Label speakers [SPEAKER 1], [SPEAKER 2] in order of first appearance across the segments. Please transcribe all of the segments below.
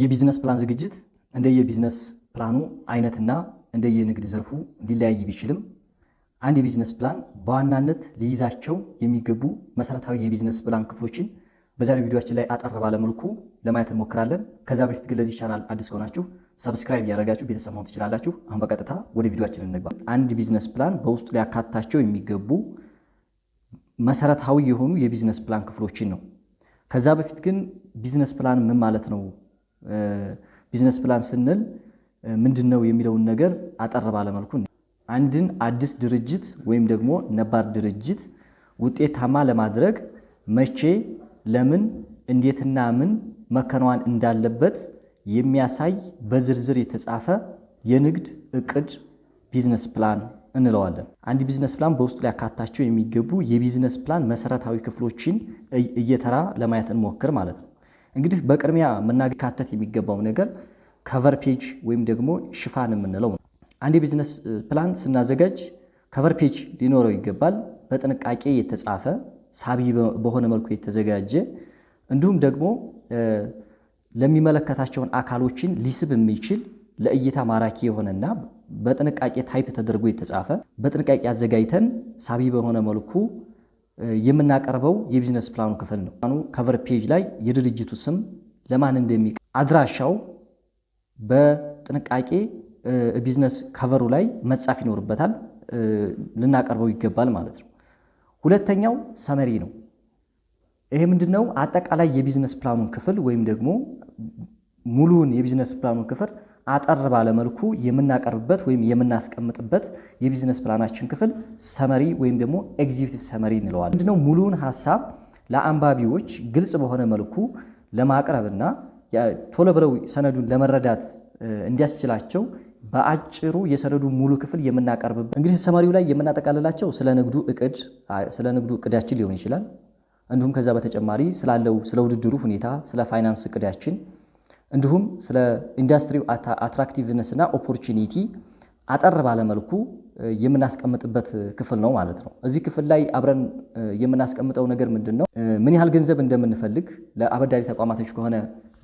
[SPEAKER 1] የቢዝነስ ፕላን ዝግጅት እንደ የቢዝነስ ፕላኑ አይነትና እንደ የንግድ ዘርፉ ሊለያይ ቢችልም አንድ የቢዝነስ ፕላን በዋናነት ሊይዛቸው የሚገቡ መሰረታዊ የቢዝነስ ፕላን ክፍሎችን በዛሬ ቪዲዮችን ላይ አጠር ባለ መልኩ ለማየት እንሞክራለን። ከዛ በፊት ግን ለዚህ ቻናል አዲስ ከሆናችሁ ሰብስክራይብ እያደረጋችሁ ቤተሰብ መሆን ትችላላችሁ። አሁን በቀጥታ ወደ ቪዲዮችን እንግባ። አንድ ቢዝነስ ፕላን በውስጡ ሊያካትታቸው የሚገቡ መሰረታዊ የሆኑ የቢዝነስ ፕላን ክፍሎችን ነው። ከዛ በፊት ግን ቢዝነስ ፕላን ምን ማለት ነው ቢዝነስ ፕላን ስንል ምንድን ነው የሚለውን ነገር አጠር ባለመልኩ አንድን አዲስ ድርጅት ወይም ደግሞ ነባር ድርጅት ውጤታማ ለማድረግ መቼ፣ ለምን፣ እንዴትና ምን መከናወን እንዳለበት የሚያሳይ በዝርዝር የተጻፈ የንግድ እቅድ ቢዝነስ ፕላን እንለዋለን። አንድ ቢዝነስ ፕላን በውስጡ ሊያካታቸው የሚገቡ የቢዝነስ ፕላን መሰረታዊ ክፍሎችን እየተራ ለማየት እንሞክር ማለት ነው። እንግዲህ በቅድሚያ መናካተት የሚገባው ነገር ከቨር ፔጅ ወይም ደግሞ ሽፋን የምንለው ነው። አንድ የቢዝነስ ፕላን ስናዘጋጅ ከቨር ፔጅ ሊኖረው ይገባል። በጥንቃቄ የተጻፈ ሳቢ በሆነ መልኩ የተዘጋጀ እንዲሁም ደግሞ ለሚመለከታቸውን አካሎችን ሊስብ የሚችል ለእይታ ማራኪ የሆነና በጥንቃቄ ታይፕ ተደርጎ የተጻፈ በጥንቃቄ አዘጋጅተን ሳቢ በሆነ መልኩ የምናቀርበው የቢዝነስ ፕላኑ ክፍል ነው። ኑ ከቨር ፔጅ ላይ የድርጅቱ ስም ለማን እንደሚቀ አድራሻው በጥንቃቄ ቢዝነስ ከቨሩ ላይ መጻፍ ይኖርበታል። ልናቀርበው ይገባል ማለት ነው። ሁለተኛው ሰመሪ ነው። ይሄ ምንድነው? አጠቃላይ የቢዝነስ ፕላኑን ክፍል ወይም ደግሞ ሙሉውን የቢዝነስ ፕላኑን ክፍል አጠር ባለ መልኩ የምናቀርብበት ወይም የምናስቀምጥበት የቢዝነስ ፕላናችን ክፍል ሰመሪ ወይም ደግሞ ኤግዚኪቲቭ ሰመሪ እንለዋለን። ምንድነው ሙሉውን ሀሳብ ለአንባቢዎች ግልጽ በሆነ መልኩ ለማቅረብና ቶሎ ብለው ሰነዱን ለመረዳት እንዲያስችላቸው በአጭሩ የሰነዱ ሙሉ ክፍል የምናቀርብበት እንግዲህ ሰመሪው ላይ የምናጠቃልላቸው ስለ ንግዱ እቅድ ስለ ንግዱ እቅዳችን ሊሆን ይችላል። እንዲሁም ከዛ በተጨማሪ ስላለው ስለ ውድድሩ ሁኔታ፣ ስለ ፋይናንስ እቅዳችን እንዲሁም ስለ ኢንዱስትሪው አትራክቲቭነስ እና ኦፖርቹኒቲ አጠር ባለመልኩ የምናስቀምጥበት ክፍል ነው ማለት ነው። እዚህ ክፍል ላይ አብረን የምናስቀምጠው ነገር ምንድን ነው? ምን ያህል ገንዘብ እንደምንፈልግ ለአበዳሪ ተቋማቶች ከሆነ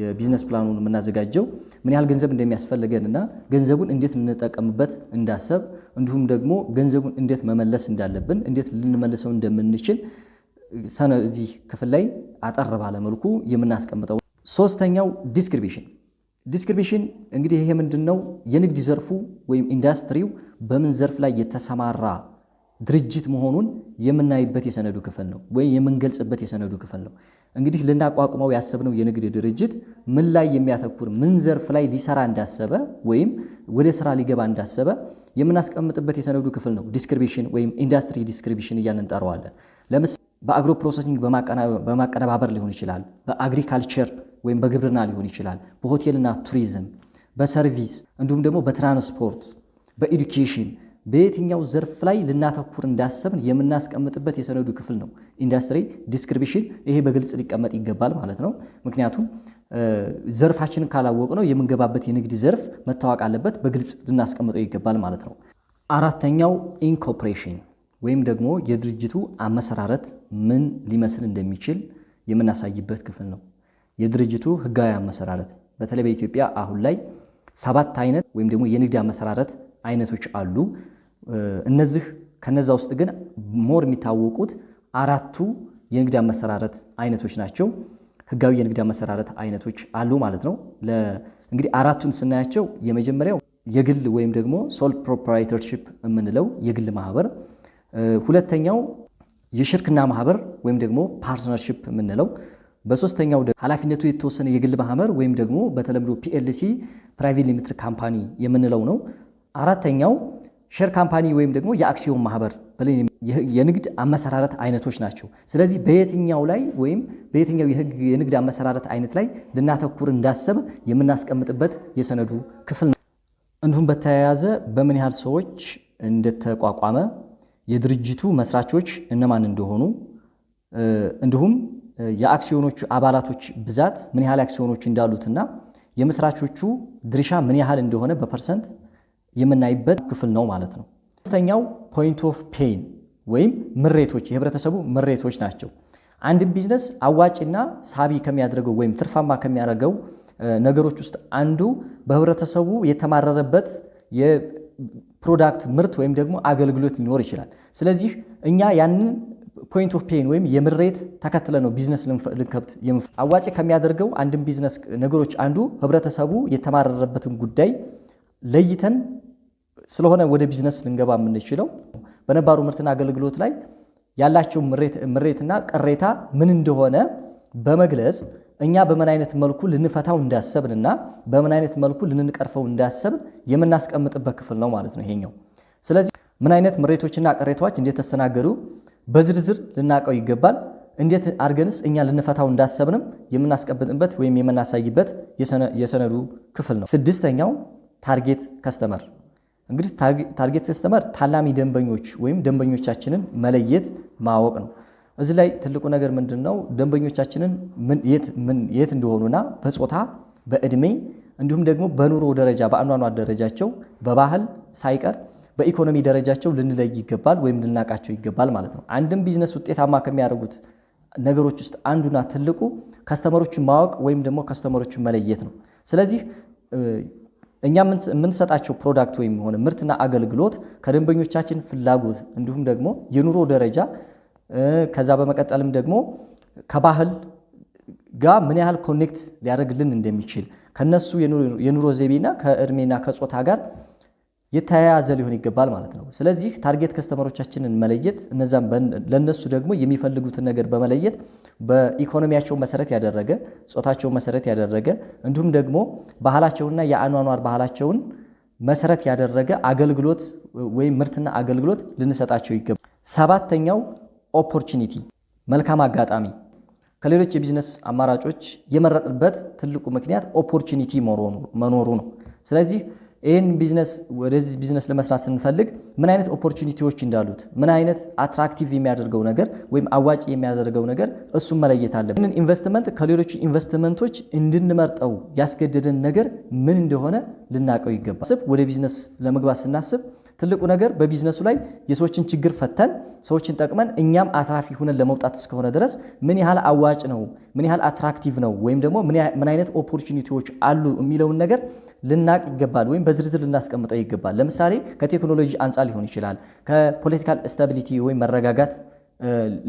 [SPEAKER 1] የቢዝነስ ፕላኑን የምናዘጋጀው ምን ያህል ገንዘብ እንደሚያስፈልገን እና ገንዘቡን እንዴት ልንጠቀምበት እንዳሰብ እንዲሁም ደግሞ ገንዘቡን እንዴት መመለስ እንዳለብን እንዴት ልንመልሰው እንደምንችል እዚህ ክፍል ላይ አጠር ባለመልኩ የምናስቀምጠው ሶስተኛው ዲስክሪቢሽን ዲስክሪቢሽን እንግዲህ ይሄ ምንድን ነው? የንግድ ዘርፉ ወይም ኢንዱስትሪው በምን ዘርፍ ላይ የተሰማራ ድርጅት መሆኑን የምናይበት የሰነዱ ክፍል ነው ወይም የምንገልጽበት የሰነዱ ክፍል ነው። እንግዲህ ልናቋቁመው ያሰብነው የንግድ ድርጅት ምን ላይ የሚያተኩር ምን ዘርፍ ላይ ሊሰራ እንዳሰበ ወይም ወደ ስራ ሊገባ እንዳሰበ የምናስቀምጥበት የሰነዱ ክፍል ነው። ዲስክሪቢሽን ወይም ኢንዱስትሪ ዲስክሪቢሽን እያልን እንጠራዋለን። ለምሳሌ በአግሮ ፕሮሰሲንግ በማቀነባበር ሊሆን ይችላል። በአግሪካልቸር ወይም በግብርና ሊሆን ይችላል፣ በሆቴልና ቱሪዝም፣ በሰርቪስ እንዲሁም ደግሞ በትራንስፖርት፣ በኤዱኬሽን በየትኛው ዘርፍ ላይ ልናተኩር እንዳሰብን የምናስቀምጥበት የሰነዱ ክፍል ነው ኢንዱስትሪ ዲስክሪፕሽን። ይሄ በግልጽ ሊቀመጥ ይገባል ማለት ነው። ምክንያቱም ዘርፋችንን ካላወቅ ነው የምንገባበት የንግድ ዘርፍ መታወቅ አለበት። በግልጽ ልናስቀምጠው ይገባል ማለት ነው። አራተኛው ኢንኮርፖሬሽን ወይም ደግሞ የድርጅቱ አመሰራረት ምን ሊመስል እንደሚችል የምናሳይበት ክፍል ነው። የድርጅቱ ህጋዊ አመሰራረት በተለይ በኢትዮጵያ አሁን ላይ ሰባት አይነት ወይም ደግሞ የንግድ አመሰራረት አይነቶች አሉ። እነዚህ ከነዛ ውስጥ ግን ሞር የሚታወቁት አራቱ የንግድ አመሰራረት አይነቶች ናቸው። ህጋዊ የንግድ አመሰራረት አይነቶች አሉ ማለት ነው። እንግዲህ አራቱን ስናያቸው የመጀመሪያው የግል ወይም ደግሞ ሶል ፕሮፕራይተርሺፕ የምንለው የግል ማህበር፣ ሁለተኛው የሽርክና ማህበር ወይም ደግሞ ፓርትነርሺፕ የምንለው በሶስተኛው ኃላፊነቱ የተወሰነ የግል ማህበር ወይም ደግሞ በተለምዶ ፒኤልሲ ፕራይቬት ሊሚትድ ካምፓኒ የምንለው ነው። አራተኛው ሼር ካምፓኒ ወይም ደግሞ የአክሲዮን ማህበር የንግድ አመሰራረት አይነቶች ናቸው። ስለዚህ በየትኛው ላይ ወይም በየትኛው የህግ የንግድ አመሰራረት አይነት ላይ ልናተኩር እንዳሰብ የምናስቀምጥበት የሰነዱ ክፍል ነው። እንዲሁም በተያያዘ በምን ያህል ሰዎች እንደተቋቋመ፣ የድርጅቱ መስራቾች እነማን እንደሆኑ እንዲሁም የአክሲዮኖቹ አባላቶች ብዛት ምን ያህል አክሲዮኖች እንዳሉትና የመስራቾቹ ድርሻ ምን ያህል እንደሆነ በፐርሰንት የምናይበት ክፍል ነው ማለት ነው። ሶስተኛው ፖይንት ኦፍ ፔይን ወይም ምሬቶች፣ የህብረተሰቡ ምሬቶች ናቸው። አንድን ቢዝነስ አዋጭና ሳቢ ከሚያደርገው ወይም ትርፋማ ከሚያደርገው ነገሮች ውስጥ አንዱ በህብረተሰቡ የተማረረበት የፕሮዳክት ምርት ወይም ደግሞ አገልግሎት ሊኖር ይችላል። ስለዚህ እኛ ያንን ፖይንት ኦፍ ፔን ወይም የምሬት ተከትለ ነው ቢዝነስ ልንከብት አዋጭ ከሚያደርገው አንድን ቢዝነስ ነገሮች አንዱ ህብረተሰቡ የተማረረበትን ጉዳይ ለይተን ስለሆነ ወደ ቢዝነስ ልንገባ የምንችለው በነባሩ ምርትና አገልግሎት ላይ ያላቸው ምሬትና ቅሬታ ምን እንደሆነ በመግለጽ እኛ በምን አይነት መልኩ ልንፈታው እንዳሰብንና በምን አይነት መልኩ ልንቀርፈው እንዳሰብን የምናስቀምጥበት ክፍል ነው ማለት ነው ይሄኛው። ስለዚህ ምን አይነት ምሬቶችና ቅሬታዎች እንደተስተናገዱ በዝርዝር ልናውቀው ይገባል። እንዴት አድርገንስ እኛ ልንፈታው እንዳሰብንም የምናስቀምጥበት ወይም የምናሳይበት የሰነዱ ክፍል ነው። ስድስተኛው ታርጌት ከስተመር እንግዲህ ታርጌት ከስተመር ታላሚ ደንበኞች ወይም ደንበኞቻችንን መለየት ማወቅ ነው። እዚህ ላይ ትልቁ ነገር ምንድን ነው? ደንበኞቻችንን የት እንደሆኑና በጾታ በእድሜ እንዲሁም ደግሞ በኑሮ ደረጃ በአኗኗር ደረጃቸው በባህል ሳይቀር በኢኮኖሚ ደረጃቸው ልንለይ ይገባል ወይም ልናቃቸው ይገባል ማለት ነው። አንድም ቢዝነስ ውጤታማ ከሚያደርጉት ነገሮች ውስጥ አንዱና ትልቁ ከስተመሮቹን ማወቅ ወይም ደግሞ ከስተመሮችን መለየት ነው። ስለዚህ እኛ የምንሰጣቸው ፕሮዳክት ወይም የሆነ ምርትና አገልግሎት ከደንበኞቻችን ፍላጎት እንዲሁም ደግሞ የኑሮ ደረጃ ከዛ በመቀጠልም ደግሞ ከባህል ጋር ምን ያህል ኮኔክት ሊያደርግልን እንደሚችል ከነሱ የኑሮ ዘይቤና ከእድሜና ከጾታ ጋር የተያያዘ ሊሆን ይገባል ማለት ነው። ስለዚህ ታርጌት ከስተመሮቻችንን መለየት እነዛም ለነሱ ደግሞ የሚፈልጉትን ነገር በመለየት በኢኮኖሚያቸው መሰረት ያደረገ ጾታቸው መሰረት ያደረገ እንዲሁም ደግሞ ባህላቸውና የአኗኗር ባህላቸውን መሰረት ያደረገ አገልግሎት ወይም ምርትና አገልግሎት ልንሰጣቸው ይገባል። ሰባተኛው ኦፖርቹኒቲ መልካም አጋጣሚ ከሌሎች የቢዝነስ አማራጮች የመረጥንበት ትልቁ ምክንያት ኦፖርቹኒቲ መኖሩ ነው። ስለዚህ ይህን ቢዝነስ ወደዚህ ቢዝነስ ለመስራት ስንፈልግ ምን አይነት ኦፖርቹኒቲዎች እንዳሉት ምን አይነት አትራክቲቭ የሚያደርገው ነገር ወይም አዋጭ የሚያደርገው ነገር እሱን መለየት አለብን። ይህንን ኢንቨስትመንት ከሌሎቹ ኢንቨስትመንቶች እንድንመርጠው ያስገደደን ነገር ምን እንደሆነ ልናውቀው ይገባል። ስብ ወደ ቢዝነስ ለመግባት ስናስብ ትልቁ ነገር በቢዝነሱ ላይ የሰዎችን ችግር ፈተን ሰዎችን ጠቅመን እኛም አትራፊ ሁነን ለመውጣት እስከሆነ ድረስ ምን ያህል አዋጭ ነው፣ ምን ያህል አትራክቲቭ ነው፣ ወይም ደግሞ ምን አይነት ኦፖርቹኒቲዎች አሉ የሚለውን ነገር ልናቅ ይገባል፣ ወይም በዝርዝር ልናስቀምጠው ይገባል። ለምሳሌ ከቴክኖሎጂ አንጻር ሊሆን ይችላል፣ ከፖለቲካል ስታቢሊቲ ወይም መረጋጋት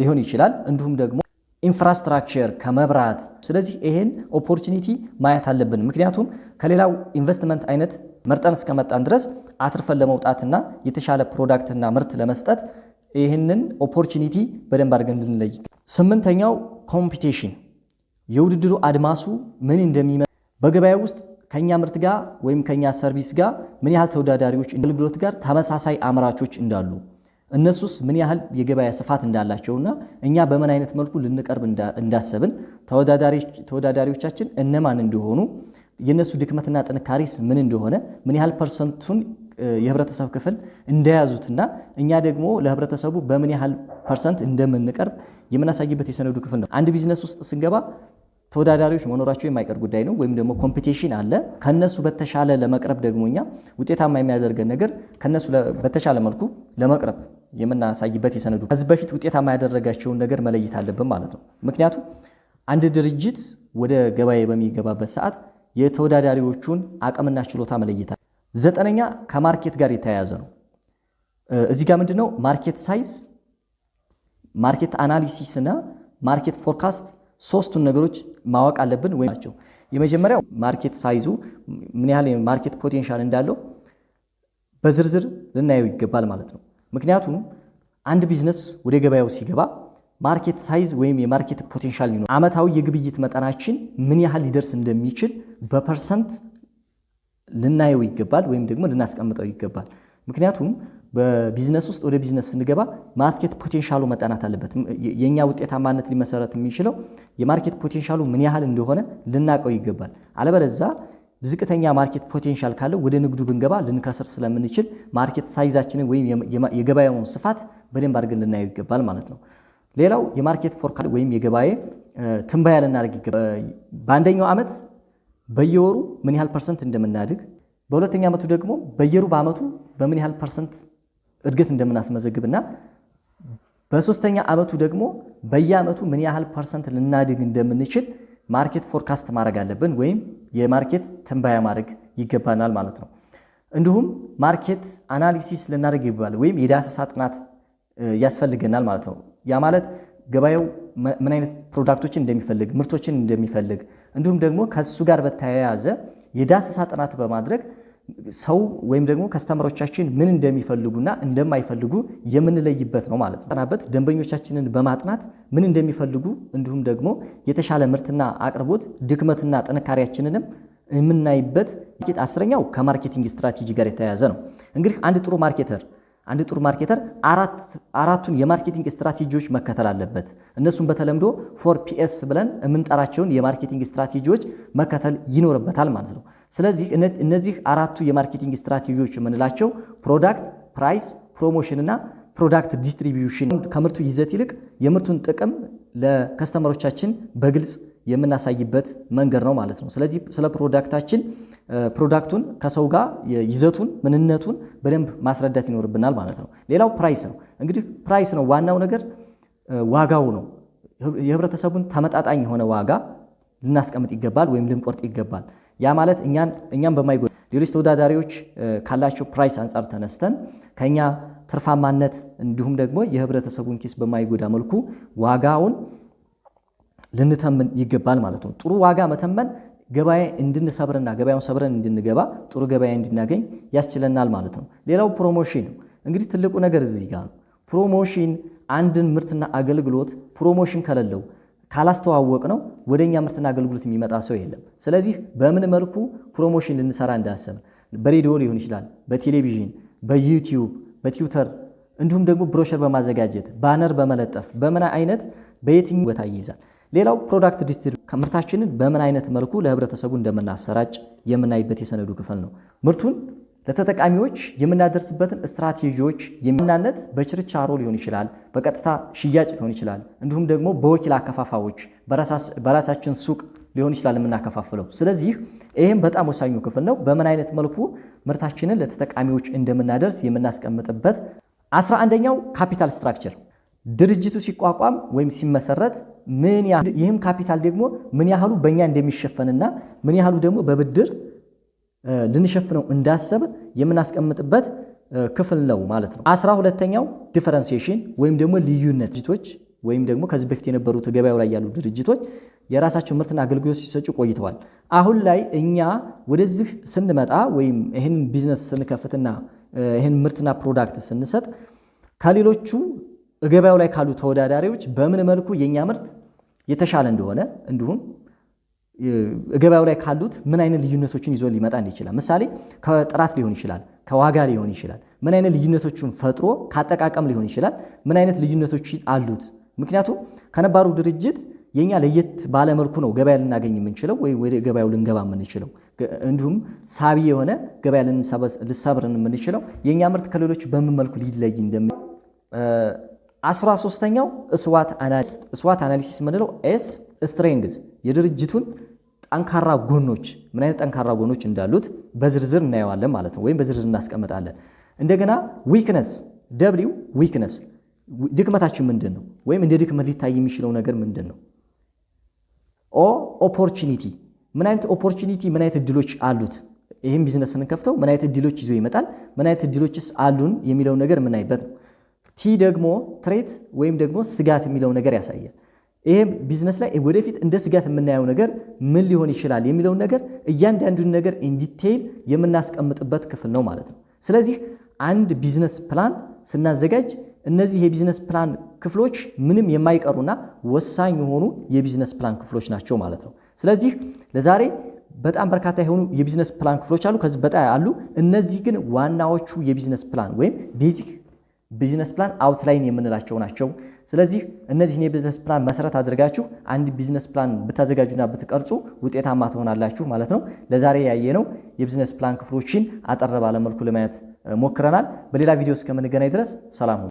[SPEAKER 1] ሊሆን ይችላል፣ እንዲሁም ደግሞ ኢንፍራስትራክቸር ከመብራት። ስለዚህ ይሄን ኦፖርቹኒቲ ማየት አለብን። ምክንያቱም ከሌላው ኢንቨስትመንት አይነት መርጠን እስከመጣን ድረስ አትርፈን ለመውጣትና የተሻለ ፕሮዳክትና ምርት ለመስጠት ይህንን ኦፖርቹኒቲ በደንብ አድርገን እንድንለይ። ስምንተኛው ኮምፒቴሽን፣ የውድድሩ አድማሱ ምን እንደሚመ በገበያ ውስጥ ከኛ ምርት ጋር ወይም ከኛ ሰርቪስ ጋር ምን ያህል ተወዳዳሪዎች፣ አገልግሎት ጋር ተመሳሳይ አምራቾች እንዳሉ እነሱስ ምን ያህል የገበያ ስፋት እንዳላቸውና እኛ በምን አይነት መልኩ ልንቀርብ እንዳሰብን ተወዳዳሪዎቻችን እነማን እንደሆኑ የእነሱ ድክመትና ጥንካሬስ ምን እንደሆነ ምን ያህል ፐርሰንቱን የህብረተሰብ ክፍል እንደያዙትና እኛ ደግሞ ለህብረተሰቡ በምን ያህል ፐርሰንት እንደምንቀርብ የምናሳይበት የሰነዱ ክፍል ነው። አንድ ቢዝነስ ውስጥ ስንገባ ተወዳዳሪዎች መኖራቸው የማይቀር ጉዳይ ነው። ወይም ደግሞ ኮምፒቴሽን አለ። ከነሱ በተሻለ ለመቅረብ ደግሞ እኛ ውጤታማ የሚያደርገን ነገር ከነሱ በተሻለ መልኩ ለመቅረብ የምናሳይበት የሰነዱ ከዚህ በፊት ውጤታማ ያደረጋቸውን ነገር መለየት አለብን ማለት ነው። ምክንያቱም አንድ ድርጅት ወደ ገበያ በሚገባበት ሰዓት የተወዳዳሪዎቹን አቅምና ችሎታ መለየታል። ዘጠነኛ ከማርኬት ጋር የተያያዘ ነው። እዚህ ጋር ምንድነው ማርኬት ሳይዝ፣ ማርኬት አናሊሲስ እና ማርኬት ፎርካስት ሶስቱን ነገሮች ማወቅ አለብን ወይም ናቸው። የመጀመሪያው ማርኬት ሳይዙ ምን ያህል ማርኬት ፖቴንሻል እንዳለው በዝርዝር ልናየው ይገባል ማለት ነው። ምክንያቱም አንድ ቢዝነስ ወደ ገበያው ሲገባ ማርኬት ሳይዝ ወይም የማርኬት ፖቴንሻል ሊኖር ዓመታዊ የግብይት መጠናችን ምን ያህል ሊደርስ እንደሚችል በፐርሰንት ልናየው ይገባል ወይም ደግሞ ልናስቀምጠው ይገባል። ምክንያቱም በቢዝነስ ውስጥ ወደ ቢዝነስ ስንገባ ማርኬት ፖቴንሻሉ መጠናት አለበት። የእኛ ውጤታማነት ሊመሰረት የሚችለው የማርኬት ፖቴንሻሉ ምን ያህል እንደሆነ ልናውቀው ይገባል። አለበለዛ ዝቅተኛ ማርኬት ፖቴንሻል ካለው ወደ ንግዱ ብንገባ ልንከስር ስለምንችል ማርኬት ሳይዛችንን ወይም የገበያውን ስፋት በደንብ አድርገን ልናየው ይገባል ማለት ነው። ሌላው የማርኬት ፎርካስት ወይም የገበያ ትንበያ ልናደርግ ይገባል። በአንደኛው ዓመት በየወሩ ምን ያህል ፐርሰንት እንደምናድግ፣ በሁለተኛ ዓመቱ ደግሞ በየሩ በዓመቱ በምን ያህል ፐርሰንት እድገት እንደምናስመዘግብና በሶስተኛ ዓመቱ ደግሞ በየዓመቱ ምን ያህል ፐርሰንት ልናድግ እንደምንችል ማርኬት ፎርካስት ማድረግ አለብን ወይም የማርኬት ትንባያ ማድረግ ይገባናል ማለት ነው። እንዲሁም ማርኬት አናሊሲስ ልናደርግ ይባል ወይም የዳሰሳ ጥናት ያስፈልገናል ማለት ነው። ያ ማለት ገበያው ምን አይነት ፕሮዳክቶችን እንደሚፈልግ፣ ምርቶችን እንደሚፈልግ እንዲሁም ደግሞ ከሱ ጋር በተያያዘ የዳሰሳ ጥናት በማድረግ ሰው ወይም ደግሞ ከስተመሮቻችን ምን እንደሚፈልጉና እንደማይፈልጉ የምንለይበት ነው ማለት ነው። ደንበኞቻችንን በማጥናት ምን እንደሚፈልጉ እንዲሁም ደግሞ የተሻለ ምርትና አቅርቦት ድክመትና ጥንካሬያችንንም የምናይበት አስረኛው ከማርኬቲንግ ስትራቴጂ ጋር የተያያዘ ነው። እንግዲህ አንድ ጥሩ ማርኬተር አንድ ጥሩ ማርኬተር አራቱን የማርኬቲንግ ስትራቴጂዎች መከተል አለበት። እነሱም በተለምዶ ፎር ፒኤስ ብለን የምንጠራቸውን የማርኬቲንግ ስትራቴጂዎች መከተል ይኖርበታል ማለት ነው። ስለዚህ እነዚህ አራቱ የማርኬቲንግ ስትራቴጂዎች የምንላቸው ፕሮዳክት፣ ፕራይስ፣ ፕሮሞሽን እና ፕሮዳክት ዲስትሪቢዩሽን ከምርቱ ይዘት ይልቅ የምርቱን ጥቅም ለከስተመሮቻችን በግልጽ የምናሳይበት መንገድ ነው ማለት ነው። ስለዚህ ስለ ፕሮዳክታችን ፕሮዳክቱን ከሰው ጋር ይዘቱን ምንነቱን በደንብ ማስረዳት ይኖርብናል ማለት ነው። ሌላው ፕራይስ ነው። እንግዲህ ፕራይስ ነው ዋናው ነገር ዋጋው ነው። የህብረተሰቡን ተመጣጣኝ የሆነ ዋጋ ልናስቀምጥ ይገባል ወይም ልንቆርጥ ይገባል። ያ ማለት እኛም በማይጎዳ ሌሎች ተወዳዳሪዎች ካላቸው ፕራይስ አንጻር ተነስተን ከኛ ትርፋማነት እንዲሁም ደግሞ የህብረተሰቡን ኪስ በማይጎዳ መልኩ ዋጋውን ልንተምን ይገባል ማለት ነው። ጥሩ ዋጋ መተመን ገበያ እንድንሰብርና ገበያውን ሰብረን እንድንገባ ጥሩ ገበያ እንድናገኝ ያስችለናል ማለት ነው። ሌላው ፕሮሞሽን ነው። እንግዲህ ትልቁ ነገር እዚህ ጋር ነው። ፕሮሞሽን አንድን ምርትና አገልግሎት ፕሮሞሽን ከሌለው ካላስተዋወቅ ነው ወደ እኛ ምርትና አገልግሎት የሚመጣ ሰው የለም። ስለዚህ በምን መልኩ ፕሮሞሽን ልንሰራ እንዳሰብ በሬዲዮ ሊሆን ይችላል፣ በቴሌቪዥን፣ በዩቲዩብ፣ በትዊተር እንዲሁም ደግሞ ብሮሸር በማዘጋጀት ባነር በመለጠፍ በምን አይነት በየትኛው ቦታ ይይዛል። ሌላው ፕሮዳክት ዲስትሪቢዩሽን ምርታችንን በምን አይነት መልኩ ለህብረተሰቡ እንደምናሰራጭ የምናይበት የሰነዱ ክፍል ነው። ምርቱን ለተጠቃሚዎች የምናደርስበትን ስትራቴጂዎች የሚናነት በችርቻሮ ሊሆን ይችላል፣ በቀጥታ ሽያጭ ሊሆን ይችላል፣ እንዲሁም ደግሞ በወኪል አከፋፋዎች በራሳችን ሱቅ ሊሆን ይችላል የምናከፋፍለው። ስለዚህ ይህም በጣም ወሳኙ ክፍል ነው። በምን አይነት መልኩ ምርታችንን ለተጠቃሚዎች እንደምናደርስ የምናስቀምጥበት። አስራ አንደኛው ካፒታል ስትራክቸር ድርጅቱ ሲቋቋም ወይም ሲመሰረት ምን ይህም ካፒታል ደግሞ ምን ያህሉ በእኛ እንደሚሸፈንና ምን ያህሉ ደግሞ በብድር ልንሸፍነው እንዳሰብ የምናስቀምጥበት ክፍል ነው ማለት ነው። አስራ ሁለተኛው ዲፈረንሲሽን ወይም ደግሞ ልዩነት ድርጅቶች ወይም ደግሞ ከዚህ በፊት የነበሩት ገበያው ላይ ያሉ ድርጅቶች የራሳቸው ምርትና አገልግሎት ሲሰጡ ቆይተዋል። አሁን ላይ እኛ ወደዚህ ስንመጣ ወይም ይህን ቢዝነስ ስንከፍትና ይህን ምርትና ፕሮዳክት ስንሰጥ ከሌሎቹ ገበያው ላይ ካሉ ተወዳዳሪዎች በምን መልኩ የእኛ ምርት የተሻለ እንደሆነ እንዲሁም ገበያው ላይ ካሉት ምን አይነት ልዩነቶችን ይዞ ሊመጣ ይችላል? ምሳሌ ከጥራት ሊሆን ይችላል፣ ከዋጋ ሊሆን ይችላል። ምን አይነት ልዩነቶችን ፈጥሮ ካጠቃቀም ሊሆን ይችላል። ምን አይነት ልዩነቶች አሉት? ምክንያቱም ከነባሩ ድርጅት የኛ ለየት ባለመልኩ ነው ገበያ ልናገኝ የምንችለው ወይ ወደ ገበያው ልንገባ የምንችለው እንዲሁም ሳቢ የሆነ ገበያ ልሰብርን የምንችለው የእኛ ምርት ከሌሎች በምን መልኩ ሊለይ እንደሚ አስራ ሶስተኛው እስዋት አናሊሲስ የምንለው ኤስ ስትሬንግዝ የድርጅቱን ጠንካራ ጎኖች ምን አይነት ጠንካራ ጎኖች እንዳሉት በዝርዝር እናየዋለን ማለት ነው፣ ወይም በዝርዝር እናስቀምጣለን። እንደገና ዊክነስ ደብሊው ዊክነስ ድክመታችን ምንድን ነው? ወይም እንደ ድክመት ሊታይ የሚችለው ነገር ምንድን ነው? ኦ ኦፖርቹኒቲ ምን አይነት ኦፖርቹኒቲ ምን አይነት እድሎች አሉት? ይህም ቢዝነስ ስንከፍተው ምን አይነት እድሎች ይዞ ይመጣል? ምን አይነት እድሎችስ አሉን የሚለው ነገር የምናይበት ነው። ቲ ደግሞ ትሬት ወይም ደግሞ ስጋት የሚለው ነገር ያሳያል። ይሄ ቢዝነስ ላይ ወደፊት እንደ ስጋት የምናየው ነገር ምን ሊሆን ይችላል የሚለውን ነገር እያንዳንዱን ነገር ኢንዲቴይል የምናስቀምጥበት ክፍል ነው ማለት ነው። ስለዚህ አንድ ቢዝነስ ፕላን ስናዘጋጅ እነዚህ የቢዝነስ ፕላን ክፍሎች ምንም የማይቀሩና ወሳኝ የሆኑ የቢዝነስ ፕላን ክፍሎች ናቸው ማለት ነው። ስለዚህ ለዛሬ በጣም በርካታ የሆኑ የቢዝነስ ፕላን ክፍሎች አሉ፣ ከዚህ በጣ አሉ። እነዚህ ግን ዋናዎቹ የቢዝነስ ፕላን ወይም ቤዚክ ቢዝነስ ፕላን አውትላይን የምንላቸው ናቸው። ስለዚህ እነዚህን የቢዝነስ ፕላን መሰረት አድርጋችሁ አንድ ቢዝነስ ፕላን ብታዘጋጁና ብትቀርጹ ውጤታማ ትሆናላችሁ ማለት ነው። ለዛሬ ያየነው የቢዝነስ ፕላን ክፍሎችን አጠር ባለ መልኩ ለማየት ሞክረናል። በሌላ ቪዲዮ እስከምንገናኝ ድረስ ሰላም